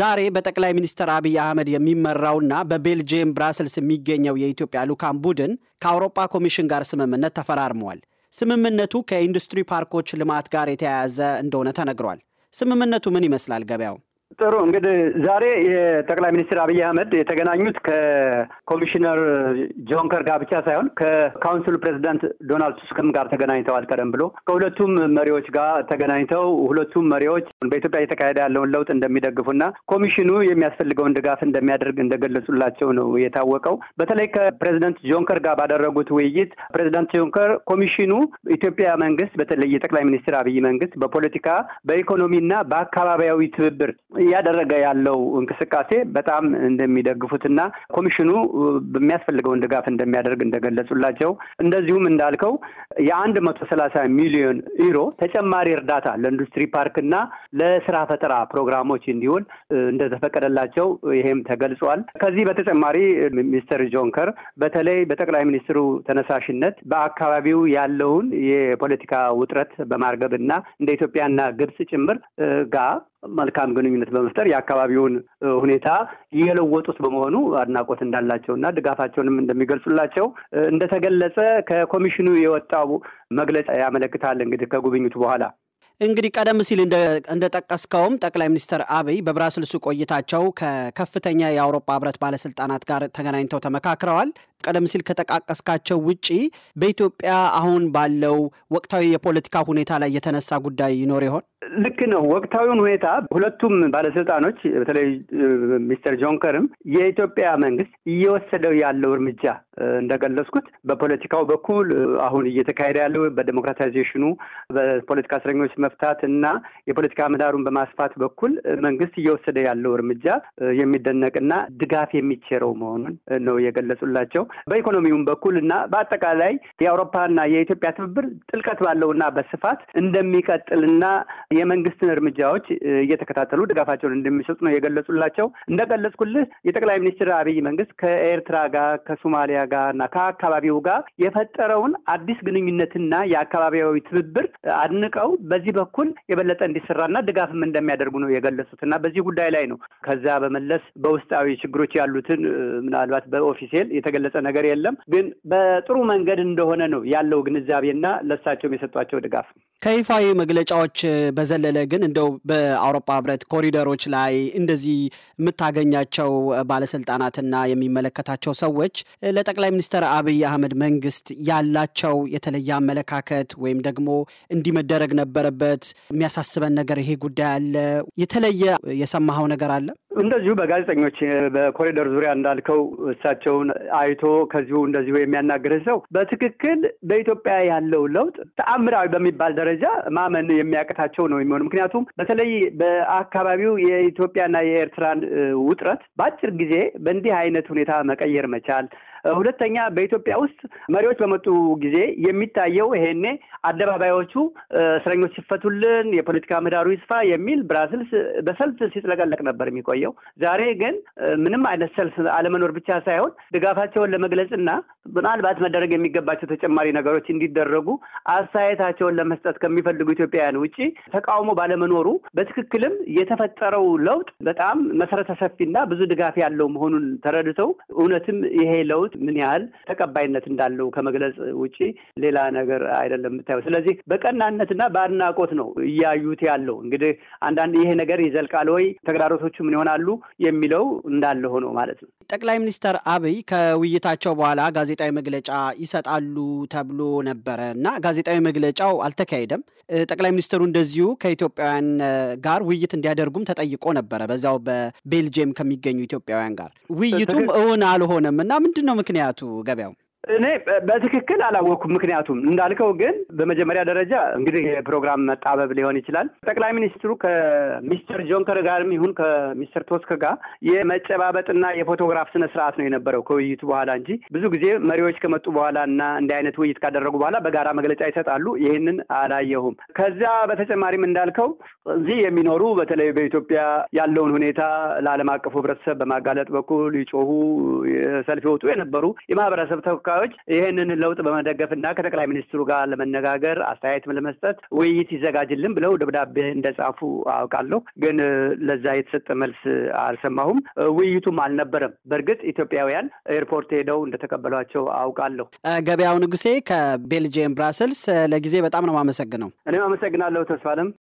ዛሬ በጠቅላይ ሚኒስትር አብይ አህመድ የሚመራውና በቤልጅየም ብራስልስ የሚገኘው የኢትዮጵያ ልዑካን ቡድን ከአውሮፓ ኮሚሽን ጋር ስምምነት ተፈራርመዋል። ስምምነቱ ከኢንዱስትሪ ፓርኮች ልማት ጋር የተያያዘ እንደሆነ ተነግሯል። ስምምነቱ ምን ይመስላል ገበያው? ጥሩ እንግዲህ ዛሬ የጠቅላይ ሚኒስትር አብይ አህመድ የተገናኙት ከኮሚሽነር ጆንከር ጋር ብቻ ሳይሆን ከካውንስሉ ፕሬዚዳንት ዶናልድ ቱስክም ጋር ተገናኝተዋል። ቀደም ብሎ ከሁለቱም መሪዎች ጋር ተገናኝተው ሁለቱም መሪዎች በኢትዮጵያ እየተካሄደ ያለውን ለውጥ እንደሚደግፉና ኮሚሽኑ የሚያስፈልገውን ድጋፍ እንደሚያደርግ እንደገለጹላቸው ነው የታወቀው። በተለይ ከፕሬዚደንት ጆንከር ጋር ባደረጉት ውይይት ፕሬዚዳንት ጆንከር ኮሚሽኑ ኢትዮጵያ መንግስት በተለይ የጠቅላይ ሚኒስትር አብይ መንግስት በፖለቲካ በኢኮኖሚና በአካባቢያዊ ትብብር እያደረገ ያለው እንቅስቃሴ በጣም እንደሚደግፉትና ኮሚሽኑ በሚያስፈልገውን ድጋፍ እንደሚያደርግ እንደገለጹላቸው እንደዚሁም እንዳልከው የአንድ መቶ ሰላሳ ሚሊዮን ዩሮ ተጨማሪ እርዳታ ለኢንዱስትሪ ፓርክና ለስራ ፈጠራ ፕሮግራሞች እንዲሆን እንደተፈቀደላቸው ይሄም ተገልጿል። ከዚህ በተጨማሪ ሚስተር ጆንከር በተለይ በጠቅላይ ሚኒስትሩ ተነሳሽነት በአካባቢው ያለውን የፖለቲካ ውጥረት በማርገብና እንደ ኢትዮጵያና ግብጽ ጭምር ጋር መልካም ግንኙነት በመፍጠር የአካባቢውን ሁኔታ የለወጡት በመሆኑ አድናቆት እንዳላቸው እና ድጋፋቸውንም እንደሚገልጹላቸው እንደተገለጸ ከኮሚሽኑ የወጣው መግለጫ ያመለክታል። እንግዲህ ከጉብኝቱ በኋላ እንግዲህ ቀደም ሲል እንደጠቀስከውም ጠቅላይ ሚኒስትር አብይ በብራስልሱ ቆይታቸው ከከፍተኛ የአውሮፓ ህብረት ባለስልጣናት ጋር ተገናኝተው ተመካክረዋል። ቀደም ሲል ከጠቃቀስካቸው ውጪ በኢትዮጵያ አሁን ባለው ወቅታዊ የፖለቲካ ሁኔታ ላይ የተነሳ ጉዳይ ይኖር ይሆን? ልክ ነው። ወቅታዊውን ሁኔታ ሁለቱም ባለስልጣኖች በተለይ ሚስተር ጆንከርም የኢትዮጵያ መንግስት እየወሰደው ያለው እርምጃ እንደገለጽኩት በፖለቲካው በኩል አሁን እየተካሄደ ያለው በዲሞክራታይዜሽኑ በፖለቲካ እስረኞች መፍታት እና የፖለቲካ ምህዳሩን በማስፋት በኩል መንግስት እየወሰደ ያለው እርምጃ የሚደነቅና ድጋፍ የሚቸረው መሆኑን ነው የገለጹላቸው። በኢኮኖሚውም በኩል እና በአጠቃላይ የአውሮፓና የኢትዮጵያ ትብብር ጥልቀት ባለውና በስፋት እንደሚቀጥልና የመንግስትን እርምጃዎች እየተከታተሉ ድጋፋቸውን እንደሚሰጡ ነው የገለጹላቸው። እንደገለጽኩልህ የጠቅላይ ሚኒስትር አብይ መንግስት ከኤርትራ ጋር ከሶማሊያ ጋርና ከአካባቢው ጋር የፈጠረውን አዲስ ግንኙነትና የአካባቢያዊ ትብብር አድንቀው በዚህ በኩል የበለጠ እንዲሰራና ድጋፍም እንደሚያደርጉ ነው የገለጹት እና በዚህ ጉዳይ ላይ ነው። ከዛ በመለስ በውስጣዊ ችግሮች ያሉትን ምናልባት በኦፊሴል የተገለጸ ነገር የለም፣ ግን በጥሩ መንገድ እንደሆነ ነው ያለው ግንዛቤና ለእሳቸውም የሰጧቸው ድጋፍ ከይፋዊ መግለጫዎች በዘለለ ግን እንደው በአውሮፓ ህብረት ኮሪደሮች ላይ እንደዚህ የምታገኛቸው ባለስልጣናትና የሚመለከታቸው ሰዎች ለጠቅላይ ሚኒስትር አብይ አህመድ መንግስት ያላቸው የተለየ አመለካከት ወይም ደግሞ እንዲህ መደረግ ነበረበት የሚያሳስበን ነገር ይሄ ጉዳይ አለ የተለየ የሰማኸው ነገር አለ? እንደዚሁ በጋዜጠኞች በኮሪደር ዙሪያ እንዳልከው እሳቸውን አይቶ ከዚሁ እንደዚሁ የሚያናግር ሰው በትክክል በኢትዮጵያ ያለው ለውጥ ተአምራዊ በሚባል ደረጃ ማመን የሚያቅታቸው ነው የሚሆኑ። ምክንያቱም በተለይ በአካባቢው የኢትዮጵያና የኤርትራን ውጥረት በአጭር ጊዜ በእንዲህ አይነት ሁኔታ መቀየር መቻል ሁለተኛ በኢትዮጵያ ውስጥ መሪዎች በመጡ ጊዜ የሚታየው ይሄኔ አደባባዮቹ እስረኞች ሲፈቱልን፣ የፖለቲካ ምህዳሩ ይስፋ የሚል ብራስልስ በሰልፍ ሲጥለቀለቅ ነበር የሚቆየው። ዛሬ ግን ምንም አይነት ሰልፍ አለመኖር ብቻ ሳይሆን ድጋፋቸውን ለመግለጽና ምናልባት መደረግ የሚገባቸው ተጨማሪ ነገሮች እንዲደረጉ አስተያየታቸውን ለመስጠት ከሚፈልጉ ኢትዮጵያውያን ውጭ ተቃውሞ ባለመኖሩ በትክክልም የተፈጠረው ለውጥ በጣም መሰረተ ሰፊና ብዙ ድጋፍ ያለው መሆኑን ተረድተው እውነትም ይሄ ለውጥ ምን ያህል ተቀባይነት እንዳለው ከመግለጽ ውጪ ሌላ ነገር አይደለም የምታየው። ስለዚህ በቀናነትና በአድናቆት ነው እያዩት ያለው። እንግዲህ አንዳንድ ይሄ ነገር ይዘልቃል ወይ ተግዳሮቶቹ ምን ይሆናሉ የሚለው እንዳለ ሆኖ ማለት ነው። ጠቅላይ ሚኒስትር አብይ ከውይይታቸው በኋላ ጋዜጣዊ መግለጫ ይሰጣሉ ተብሎ ነበረ እና ጋዜጣዊ መግለጫው አልተካሄደም። ጠቅላይ ሚኒስትሩ እንደዚሁ ከኢትዮጵያውያን ጋር ውይይት እንዲያደርጉም ተጠይቆ ነበረ በዚያው በቤልጅየም ከሚገኙ ኢትዮጵያውያን ጋር ውይይቱም እውን አልሆነም እና ምንድን ነው Magneto, Gabriel? እኔ በትክክል አላወቅኩም። ምክንያቱም እንዳልከው ግን በመጀመሪያ ደረጃ እንግዲህ የፕሮግራም መጣበብ ሊሆን ይችላል። ጠቅላይ ሚኒስትሩ ከሚስተር ጆንከር ጋርም ይሁን ከሚስተር ቶስክ ጋር የመጨባበጥና የፎቶግራፍ ስነ ስርዓት ነው የነበረው ከውይይቱ በኋላ እንጂ ብዙ ጊዜ መሪዎች ከመጡ በኋላ እና እንዲህ አይነት ውይይት ካደረጉ በኋላ በጋራ መግለጫ ይሰጣሉ። ይህንን አላየሁም። ከዚያ በተጨማሪም እንዳልከው እዚህ የሚኖሩ በተለይ በኢትዮጵያ ያለውን ሁኔታ ለዓለም አቀፉ ህብረተሰብ በማጋለጥ በኩል ይጮሁ ሰልፍ ይወጡ የነበሩ የማህበረሰብ ተወካ ተወካዮች ይህንን ለውጥ በመደገፍና ከጠቅላይ ሚኒስትሩ ጋር ለመነጋገር አስተያየትም ለመስጠት ውይይት ይዘጋጅልን ብለው ደብዳቤ እንደጻፉ አውቃለሁ። ግን ለዛ የተሰጠ መልስ አልሰማሁም። ውይይቱም አልነበረም። በእርግጥ ኢትዮጵያውያን ኤርፖርት ሄደው እንደተቀበሏቸው አውቃለሁ። ገበያው ንጉሴ ከቤልጅየም ብራስልስ፣ ለጊዜ በጣም ነው የማመሰግነው። እኔም አመሰግናለሁ ተስፋለም።